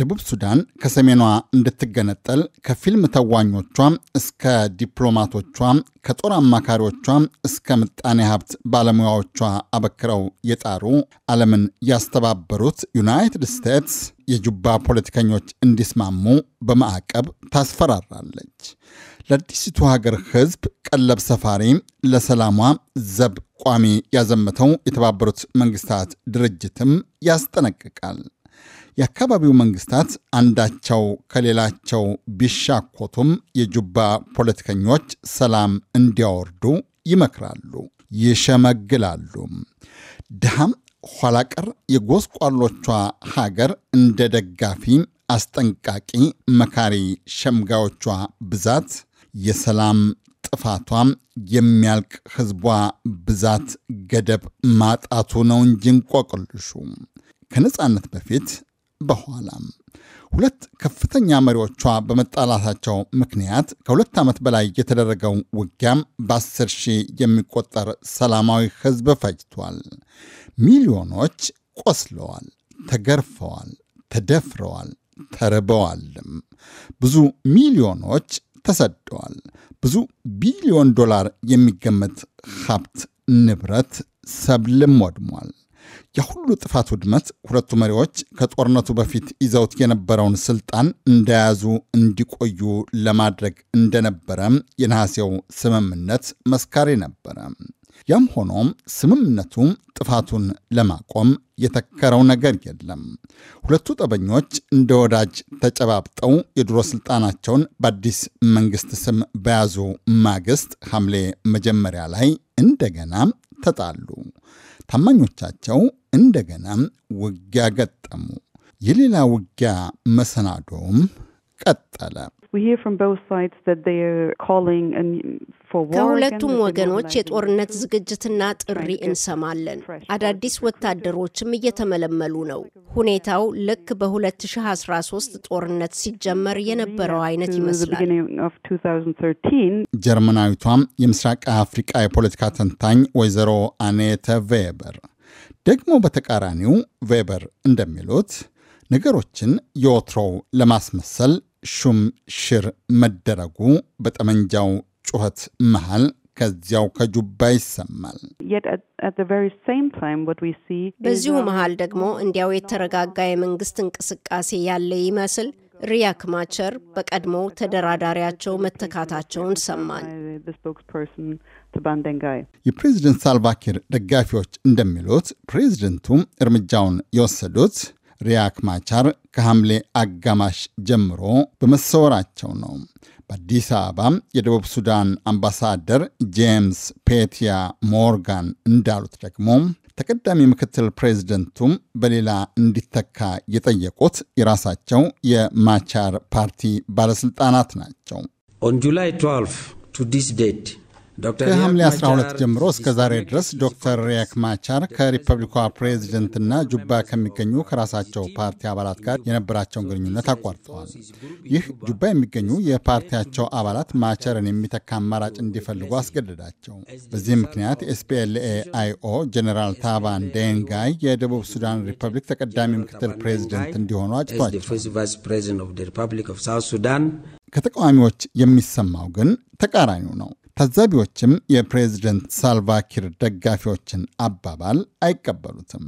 ደቡብ ሱዳን ከሰሜኗ እንድትገነጠል ከፊልም ተዋኞቿ እስከ ዲፕሎማቶቿ ከጦር አማካሪዎቿ እስከ ምጣኔ ሀብት ባለሙያዎቿ አበክረው የጣሩ ዓለምን ያስተባበሩት ዩናይትድ ስቴትስ የጁባ ፖለቲከኞች እንዲስማሙ በማዕቀብ ታስፈራራለች። ለአዲሲቱ ሀገር ሕዝብ ቀለብ ሰፋሪ ለሰላሟ ዘብ ቋሚ ያዘመተው የተባበሩት መንግስታት ድርጅትም ያስጠነቅቃል። የአካባቢው መንግስታት አንዳቸው ከሌላቸው ቢሻኮቱም የጁባ ፖለቲከኞች ሰላም እንዲያወርዱ ይመክራሉ፣ ይሸመግላሉ። ድሃም ኋላቀር የጎስቋሎቿ ሀገር እንደ ደጋፊ አስጠንቃቂ መካሪ ሸምጋዮቿ ብዛት የሰላም ጥፋቷ የሚያልቅ ህዝቧ ብዛት ገደብ ማጣቱ ነው እንጂ እንቆቅልሹ ከነፃነት በፊት በኋላም ሁለት ከፍተኛ መሪዎቿ በመጣላታቸው ምክንያት ከሁለት ዓመት በላይ የተደረገው ውጊያም በአስር ሺህ የሚቆጠር ሰላማዊ ሕዝብ ፈጅቷል። ሚሊዮኖች ቆስለዋል፣ ተገርፈዋል፣ ተደፍረዋል፣ ተርበዋልም። ብዙ ሚሊዮኖች ተሰደዋል። ብዙ ቢሊዮን ዶላር የሚገመት ሀብት ንብረት ሰብልም ወድሟል። የሁሉ ጥፋት ውድመት ሁለቱ መሪዎች ከጦርነቱ በፊት ይዘውት የነበረውን ስልጣን እንደያዙ እንዲቆዩ ለማድረግ እንደነበረ የነሐሴው ስምምነት መስካሪ ነበረ። ያም ሆኖም ስምምነቱ ጥፋቱን ለማቆም የተከረው ነገር የለም። ሁለቱ ጠበኞች እንደ ወዳጅ ተጨባብጠው የድሮ ስልጣናቸውን በአዲስ መንግስት ስም በያዙ ማግስት ሐምሌ መጀመሪያ ላይ እንደገና ተጣሉ። ታማኞቻቸው እንደገና ውጊያ ገጠሙ። የሌላ ውጊያ መሰናዶውም ቀጠለ። ከሁለቱም ወገኖች የጦርነት ዝግጅትና ጥሪ እንሰማለን። አዳዲስ ወታደሮችም እየተመለመሉ ነው። ሁኔታው ልክ በ2013 ጦርነት ሲጀመር የነበረው አይነት ይመስላል። ጀርመናዊቷም የምስራቅ አፍሪቃ የፖለቲካ ተንታኝ ወይዘሮ አኔተ ቬበር ደግሞ በተቃራኒው ቬበር እንደሚሉት ነገሮችን የወትሮው ለማስመሰል ሹም ሽር መደረጉ በጠመንጃው ጩኸት መሃል ከዚያው ከጁባ ይሰማል። በዚሁ um, መሃል ደግሞ እንዲያው የተረጋጋ የመንግስት እንቅስቃሴ ያለ ይመስል ሪያክ ማቸር በቀድሞው ተደራዳሪያቸው መተካታቸውን ሰማን። የፕሬዚደንት ሳልቫኪር ደጋፊዎች እንደሚሉት ፕሬዝደንቱም እርምጃውን የወሰዱት ሪያክ ማቻር ከሐምሌ አጋማሽ ጀምሮ በመሰወራቸው ነው። በአዲስ አበባ የደቡብ ሱዳን አምባሳደር ጄምስ ፔቲያ ሞርጋን እንዳሉት ደግሞ ተቀዳሚ ምክትል ፕሬዚደንቱም በሌላ እንዲተካ የጠየቁት የራሳቸው የማቻር ፓርቲ ባለሥልጣናት ናቸው። 12 ከሐምሌ 12 ጀምሮ እስከ ዛሬ ድረስ ዶክተር ሪያክ ማቻር ከሪፐብሊኳ ፕሬዚደንትና ጁባ ከሚገኙ ከራሳቸው ፓርቲ አባላት ጋር የነበራቸውን ግንኙነት አቋርጠዋል። ይህ ጁባ የሚገኙ የፓርቲያቸው አባላት ማቻርን የሚተካ አማራጭ እንዲፈልጉ አስገደዳቸው። በዚህ ምክንያት ኤስፒኤልኤ አይኦ ጀኔራል ታባን ዴንጋይ የደቡብ ሱዳን ሪፐብሊክ ተቀዳሚ ምክትል ፕሬዚደንት እንዲሆኑ አጭቷቸው ከተቃዋሚዎች የሚሰማው ግን ተቃራኒው ነው። ታዛቢዎችም የፕሬዝደንት ሳልቫኪር ደጋፊዎችን አባባል አይቀበሉትም።